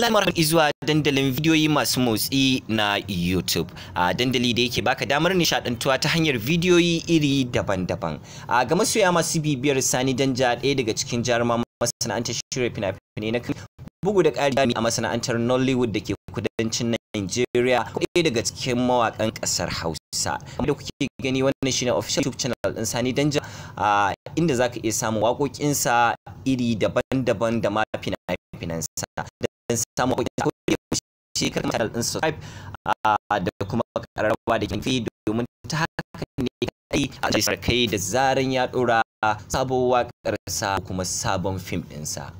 lamar zuwa dandalin bidiyoyi masu motsi na YouTube. A dandali da yake baka damar nishadantuwa ta hanyar vidiyoyi iri daban-daban. A ga masoya masu bibiyar Sani Danja ɗaya daga cikin jaruma masana'antar shirya fina-finai na bugu da ƙari a masana'antar Nollywood da ke kudancin Nigeria ɗaya daga cikin mawakan ƙasar Hausa. Da kuke gani wannan shine official YouTube channel ɗin Sani Danja inda zaka iya samun waƙoƙinsa iri daban-daban da ma fina-finansa. samun kuɗi a kuɗi shi kan channel ɗin subscribe ah, da kuma ƙararrawa da fi domin ta haka ne kai a kai da zaran ya ɗora sabuwa ƙarsa kuma sabon fim ɗinsa.